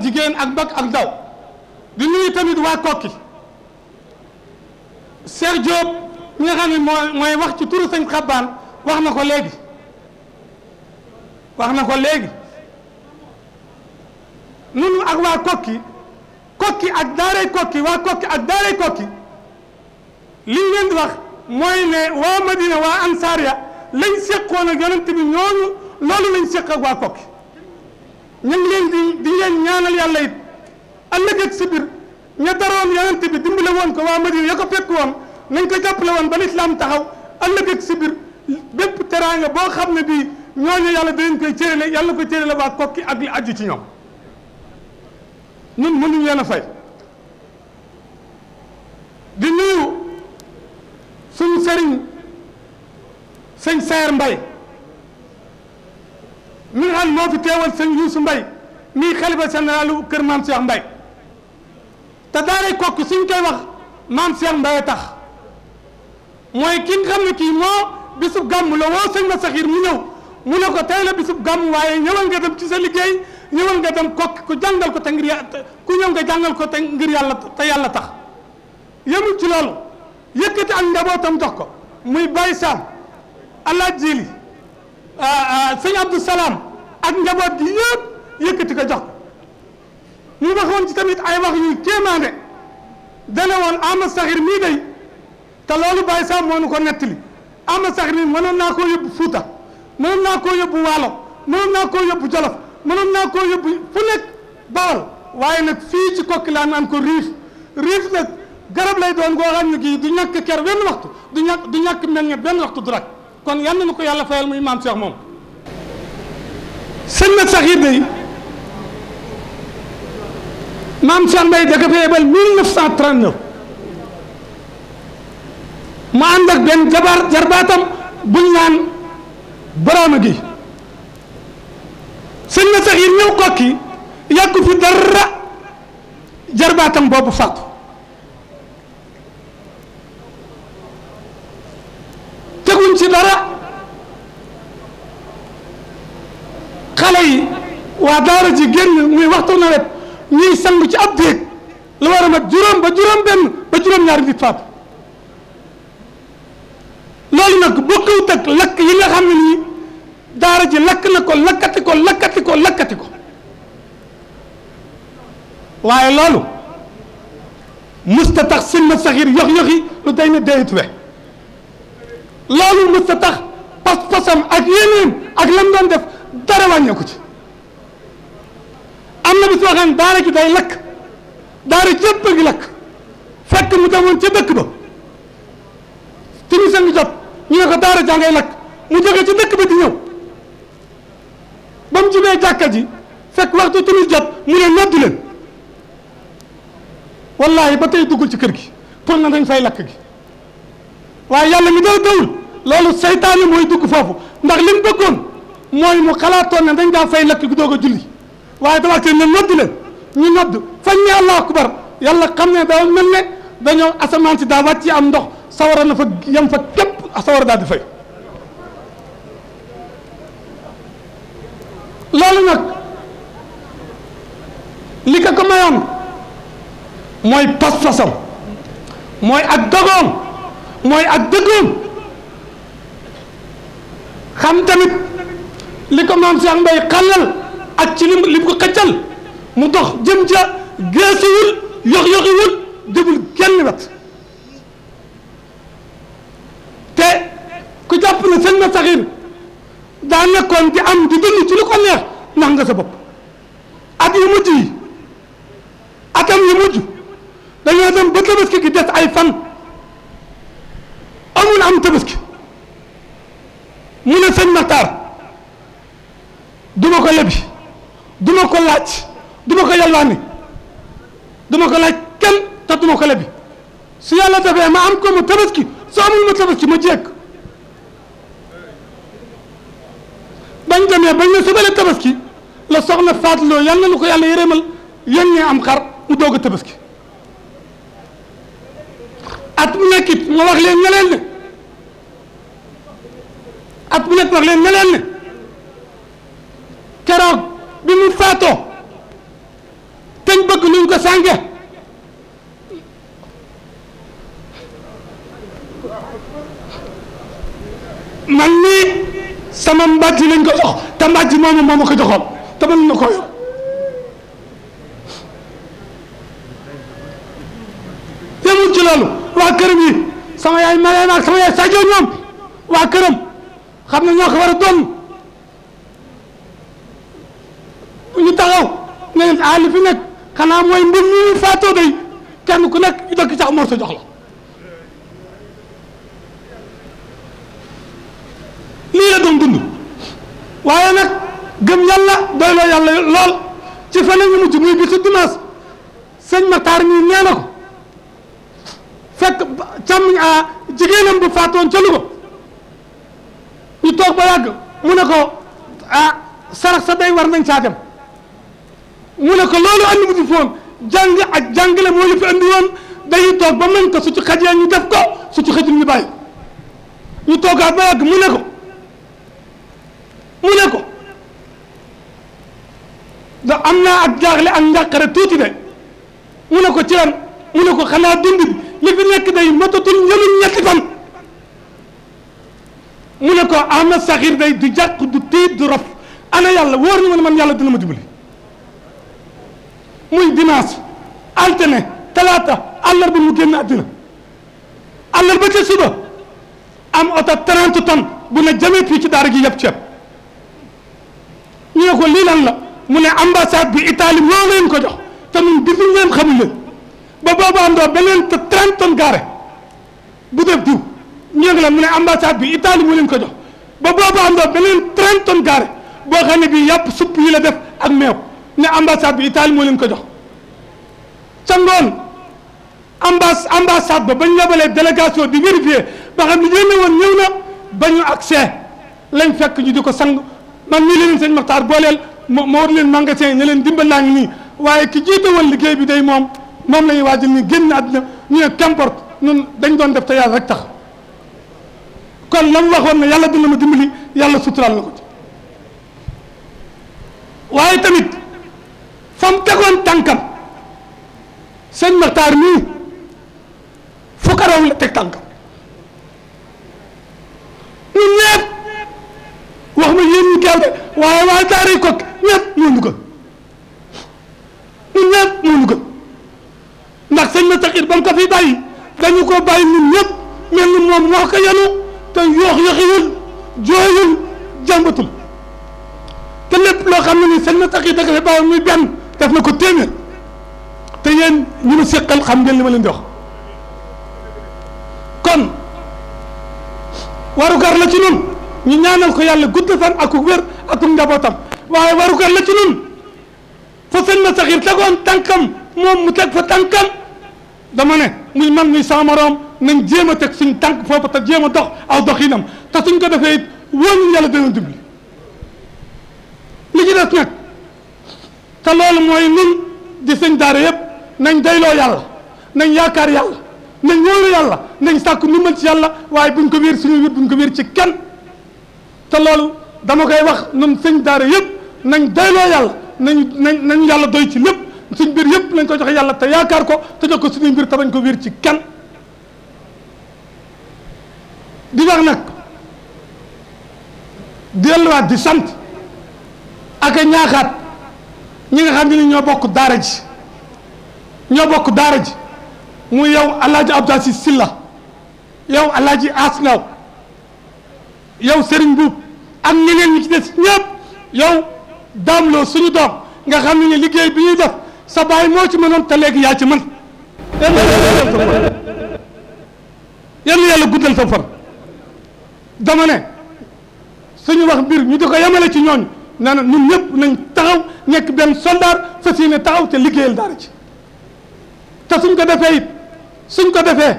jigéen ak mag ak ndaw di nuyu tamit waa kokki Cheikh Diop mi nga xam ne mooy wax ci turu sëñ xabbaan wax na ko léegi wax na ko léegi nunu ak waa kokki kokki ak daaray kokki ak daaray li ñu leen di wax mooy ne waa Madina waa Ansaria lañ seqoon ak yonent bi ñooñu loolu lañ seq ak waa kokki ñu ngi leen di di leen ñaanal yàlla it ëllëg ak si biir ña daroon yonent bi dimbale woon ko waa Madina ya ko fekk woon nañ ko jàppale woon ba lislaam taxaw ëllëg ak si biir bépp teraanga boo xam ne bii ñooñu yàlla dinañ koy cërale yàlla ko cërale waa kokki ak li aju ci ñoom ñun mënuñ leen a fay di nuyu suñu sëriñ sëñ Seer Mbay mi nga moo fi teewal sëñ Youssou Mbaye mii sa généralu kër maam Cheikh Mbaye te daaray Kokki suñ koy wax maam Cheikh Mbaye tax mooy kin nga xam ne kii moo bisub gàmm la woo sëñ ma saxiir mu ñëw mu ne ko tey la bisub gàmm waaye ñëwal nga dem ci sa liggéey ñëwal nga dem Kokki ku ko te ngir yà ku ñëw nga jàngal ko te ngir tax yemul ci loolu yëkkati ak njabootam jox ko muy Baye Sam alaaj jili Euh, euh, sëñ Abdou Salaam ak njaboot gi yëpp yëkkati ko jox ñu waxoon ci tamit ay wax yu kéemaane dana woon Ahmad Saxir mii day te loolu Baye Sam nu ko nettali Ahmad Saxir mii mënoon naa koo yóbbu Fuuta mënoon naa koo yóbbu Waalo mënoon naa koo yóbbu Jolof mënoon naa koo yóbbu fu Bawol waaye nag fii ci kokki laa naan ko riif riif nag garab lay doon goo xam ne gii du ñàkk ker benn waxtu du ñàkk du ñàkk meññe benn kon yal na ko yàlla fayal muy maam Cheikh moom sëñ nag saxiir day maam Cheikh Mbaye da ko fa yebal 1939 mu ànd ak benn jabar jarbaatam buñ naan baraama gi sëñ nag saxiir ñëw kokki yàggu fi dara jarbaatam boobu fàttu xale yi ji génn muy waxtu nawet ñuy ci ab déeg lu war a mat juróom ba juróom benn ba juróom yi nga ji lakk na ko lakkati ko lakkati ko lakkati ko waaye musta tax sinna saxir yox-yoxi lu day ne dayit we loolu musta tax pas-pasam ak yeneen ak lam doon def dara wàññeeku ci am na bis boo xam ki daara ji day lakk daara cëpp a ngi lakk fekk mu demoon ca dëkk ba timi sa ngi jot ñu ne ko daara jaa ngay lakk mu jóge ca dëkk ba di ñëw ba mu jubee jàkka ji fekk waxtu timis jot mu ne noddu leen wallaahi ba tey duggul ci kër gi pour na dañ fay lakk gi waaye yàlla mi daw dawul loolu seytaane mooy dugg foofu ndax li mu bëggoon mooy mu xalaatoon ne dañ daa fay lakk gu a julli waaye dafa te ne nodd leen ñu nodd fañ ne allahu akbar yàlla xam ne daa mel ne dañoo asamaan si daa wàcc am ndox sawara na fa yem fa képp sawara daal di fay loolu nag li ko ko mayoon mooy pas-pasam mooy ak dogoom mooy ak dëggoom xam tamit li ko maam Cheikh Mbaye xàllal ak ci lim lim ko xëccal mu dox jëm ja geesuwul yox-yoxiwul demul genn wet te ku jàpp ne sëñ ma saxir daa nekkoon di am di dund ci lu ko neex nax nga sa bopp yu mujj yi atam yu mujj dañoo dem ba tabaski gi des ay fan amul am tabaski mu ne sëñ Maxtaar duma ko lebi duma ko laaj duma ko yalwaani duma ko laaj kenn te duma ko lebi su yàlla defee ma am ko mu tabaski su amul ma tabaski ma jéeg bañ demee bañ ne sabale tabaski la soxna loo yàlla lu ko yàlla yërëmal yéen am xar mu doog a tabaski at mu nekkit ma wax leen ne leen ne at mu nekk wax leen ne leen ne keroog bi mu faatoo teñ bëgg nuñ ko sànge man nii sama mbàjj lañ ko jox te mbàjj moomu moo ma ko joxoon te mën na ko ci loolu waa këram yi sama yaay Mariama sama yaay Sadio ñoom waa këram xam na ñoo war a ah li fi nekk xanaa mooy mbir mi faatoo day kenn ku nekk ñu dëkk sax morso jox la lii la doon dund waaye nag gëm yàlla doyloo yàlla lool ci fan ñu mucc muy bisu dimanche sëñ Matar ñi nee na ko fekk càmm ah bu faatoon ca Louga toog ba yàgg mu ne ko ah sarax sa day war nañ caa mu ne ko loolu andi wuñu foon jàng ak jàngale moo ñu fi andi woon dañuy toog ba mën ko su ci xajee ñu def ko su ci xëjul ñu bàyyi ñu toogaat ba yàgg mu ne ko mu ne ko da am naa ak jaaxle ak njàqare tuuti de mu nekko ci lan mu ne ko xanaa dund bi li fi nekk day matatul ñëluñ ñetti fan mu ne ko Ahmed Sakhir day du jàq du tiit du rof ana yàlla wóor na ma ne man yàlla dina ma dimbali muy dimanche altine talaata àllarba mu génn àddina àllarba ca suba am oto bu ne jamee fii ci daara gi yëpp ceeb ñu ne ko lii lan la mu ne ambassade bi Italie moo leen ko jox te ñun di ñu leen xamul leen ba boobu am doo beneen te 30 tonnes gaare bu def diw ñu ngi la mu ne ambassade bi Italie moo leen ko jox ba boobu am doo beneen 30 tonnes gaare boo xam ne bii yàpp supp yi la def ak meew ne ambassade bi Italie moo leen ko jox ca ngoon ambas ambassade ba bañ yabalee délégation di vérifier ba xam ne yéen woon ñëw na ba ñu accès lañ fekk ñu di ko sang man li leen sëñ Maxtaar booleel moo moo war leen magasin ña leen dimbal naa nii waaye ki jiite woon liggéey bi day moom moom la ñuy waajal ni génn àddina ñu ne qu'importe ñun dañ doon def te yàlla tax kon la mu na ne yàlla na ma dimbali yàlla suturaal na ko waaye tamit. fa mu tegoon tànkam sëñ Maxtaar mii fu ko raw la teg tànkam ñun ñëpp wax ma yéen ñu teew waaye waa Daaray Koki ñëpp moo ñu gën ñun ñëpp moo ñu gën ndax sëñ Maxtaar ba mu ko fi bàyyi dañu ko bàyyi ñun ñëpp mel ni moom wax ko yenu te yoox-yoxiwul jooyul jàmbatul te lépp loo xam ne ni sëñ Maxtaar da ko fi bàyyi muy benn def na ko téeméer te yéen ñi ma séqal xam ngeen li ma leen di wax kon warugar la ci nun ñu ñaanal ko yàlla gudd fan ak wér ak njabootam waaye warugar la ci nun fa seen ma saxir tegoon tànkam moom mu teg fa tànkam dama ne muy man muy sama moroom nañ jéem a teg suñ tànk foofu te jéem a dox aw doxinam te suñ ko defee it wóor nañu yàlla dana dimbali li ci des nag te loolu mooy nun di sëñ yëpp nañ dayloo yàlla nañ yaakaar yàlla nañ wóolu yàlla nañ sàkku ndimbal ci yàlla waaye buñ ko biir suñu wér buñ ko wéer ci kenn te loolu dama koy wax nun sëñ daara yëpp nañ dayloo yàlla nañ nañ nañ yàlla doy ci lépp suñ mbir yëpp lañ ko joxe yàlla te yaakaar ko te jox ko suñuy mbir te bañ ko wéer ci kenn di wax nag delluwaat di sant ak a ñi nga xam ne ni ñoo bokk daara ji ñoo bokk daara ji mu yow alaaji Abdou Aziz Silla yow alaaji Asnaw yow Serigne Buub ak ñeneen ñi ci des ñëpp yow daamloo suñu doom nga xam ne ni liggéey bi ñuy def sa baay moo ci mënoon te léegi yaa ci man yéen yàlla guddal sa far dama ne suñu wax mbir ñu di ko yemale ci ñooñu nee na ñun ñëpp taxaw nekk benn soldat sa yéene taxaw te liggéeyal daara ci te suñ ko defee it suñ ko defee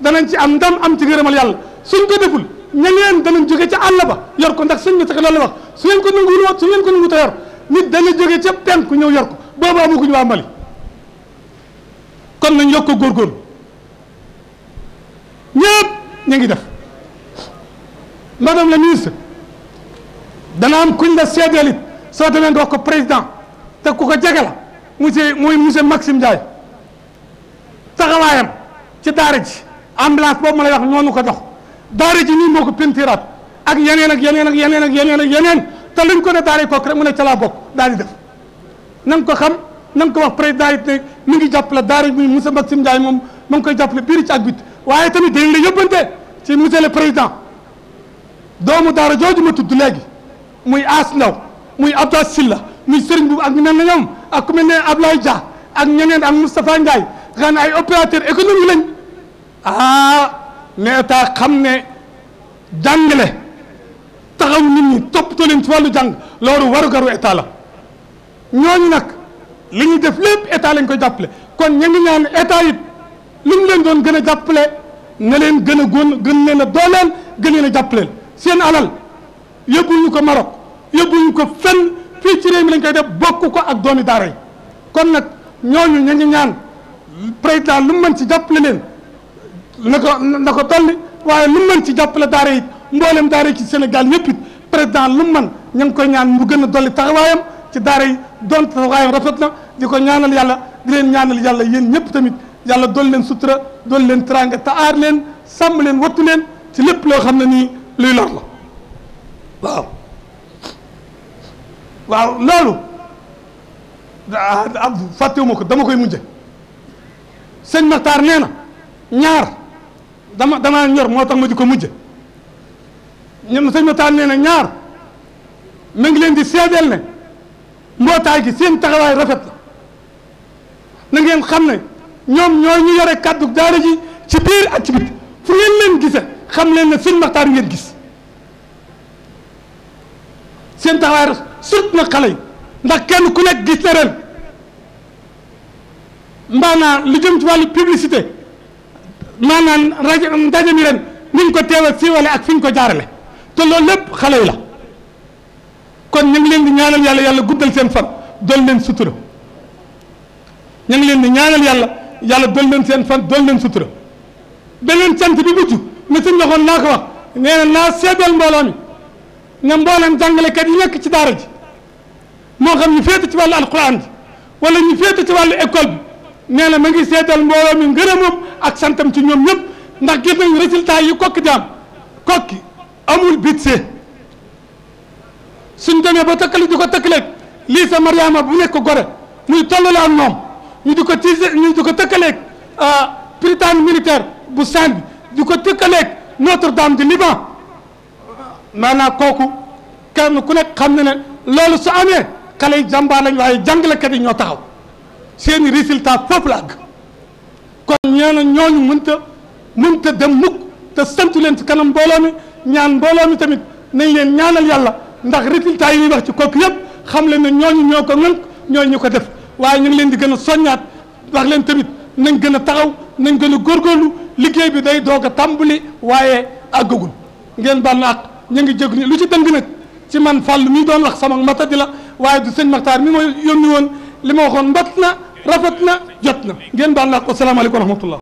danañ ci am ndam am ci ngërëmal yàlla suñ ko deful ñeneen danañ jóge ca àll ba yor ko ndax suñ bi sax loolu la wax su ngeen ko nanguwul wax su ngeen ko nangu te yor nit dana jóge ca penk ku ñëw yor ko boobu amaguñu waa Mali kon nañ yokk ko góorgóorlu ñëpp ñu ngi def madame la ministre dana kuñ la seedeel it soo demee nga wax ko président te ku ko jege la monsieur muy monsieur Maxime Ndiaye taxawaayam ci daara ji ambulance boobu ma lay wax noonu ko dox daara ji nii moo ko pentiraat ak yeneen ak yeneen ak yeneen ak yeneen ak yeneen te luñ ko ne daara kooku rek mu ne ca laa bokk daal di def na nga ko xam na ko wax président it ne mi ngi jàppale daara ji muy monsieur Maxime Ndiaye moom mu ngi koy jàppale biir ci ak bit waaye tamit dañ la yóbbante ci mu le président doomu daara jooju ma tudd léegi muy aas ndaw muy Abdou Silla muy Serigne Boubou ak ñu mel ne ñoom ak ku mel ne Ablaye Dia ak ñeneen ak Moustapha Ndiaye xam ne ay opérateur économique lañ ah ne état xam ne jàngale taxaw nit ñi toppatoo leen ci wàllu jàng loolu warugaru état la ñooñu nag li ñuy def lépp état lañ ko jàppale kon ña ngi ñaan état it lu leen doon gën a jàppale na leen gën a góon gën leen a dooleel gën leen a jàppaleel seen alal yóbbuñu ko Maroc yépp yóbbuñu ko fenn fii ci réew mi lañ koy def bokk ko ak doomi daara yi kon nag ñooñu ñu ngi ñaan président lu mën ci jàppale leen na ko na ko dolli waaye lu mën ci jàppale daara yi mboolem daara ci senegal yëpp it président lu mën ña ngi koy ñaan mu gën a dolli taxawaayam ci daara yi doon taxawaayam rafet na di ko ñaanal yàlla di leen ñaanal yàlla yéen ñëpp tamit yàlla dolli leen sutura dolli leen teraanga te aar leen sàmm leen wattu leen ci lépp loo xam na nii luy lor la waaw loolu ab fàttewuma ko dama koy mujje sëñ Maxtaar nee na ñaar dama damaa ñor moo tax ma di ko mujje ñoom sëñ Maxtaar nee na ñaar ma ngi leen di seedeel ne mbootaay gi seen taxawaay rafet na ngeen xam ne ñoom ñoo ñu yore kàddu daara ji ci biir ci biti fu ngeen leen gise xam leen ne sëñ Maxtaar ngeen gis seen taxawaay surtout nag xale yi ndax kenn ku nekk gis na ren maanaam jëm ci wàllu publicité maanaam rajo ndaje mi ren ni ñu ko teewal siiwale ak fi ko jaarale te loolu lépp xale yi la kon ñu leen di ñaanal yàlla yàlla guddal seen fan dool leen sutura ñu ngi leen di ñaanal yàlla yàlla dool seen fan dool leen sutura beneen sant bi mujj mi suñ naa ko wax nee na naa seedal mbooloo mi ne mboolem jàngalekat yi nekk ci daara ji moo xam ñu féete ci wàllu alquran bi wala ñu féete ci wàllu école bi nee na ma ngi seetal mbooloo mi ngërëmam ak santam ci ñoom ñëpp ndax gis nañ résultat yi kokki di am kokki amul bitse suñ demee ba takkali di ko takkaleeg lii sa mariama bu nekk gore muy tollale ak moom ñu di ko tiise ñu di ko tëkkaleeg euh, prytanne militaire bu Saint bi di ko tëkkaleeg Notre Dame du Liban maanaam kooku kenn ku nekk xam na ne loolu su amee xale yi jàmbaar lañ waaye jàngalekat yi ñoo taxaw seeni résultat foofu la àgg kon ñeena ñooñu mënta mënta dem mukk te santu leen ci kanam mbooloo mi ñaan mbooloo mi tamit nañ leen ñaanal yàlla ndax résultat yi ñuy ci kooku yëpp xam leen ne ñooñu ñoo ko ŋënk ñooñu ñu ko def waaye ñu leen di gën a soññaat wax leen tamit nañ gën a taxaw nañ gën a góorgóorlu liggéey bi day doog a tàmbali waaye àggagul ngeen baal na ak ñu ngi jégg ni lu ci dëng nag ci man lu mi doon wax sama matadi la waaye du sëñ Maxtaar mi ma yónni woon li ma waxoon mbot na rafet na jot na ngeen baal naa ko salaamaaleykum wa rahmatullah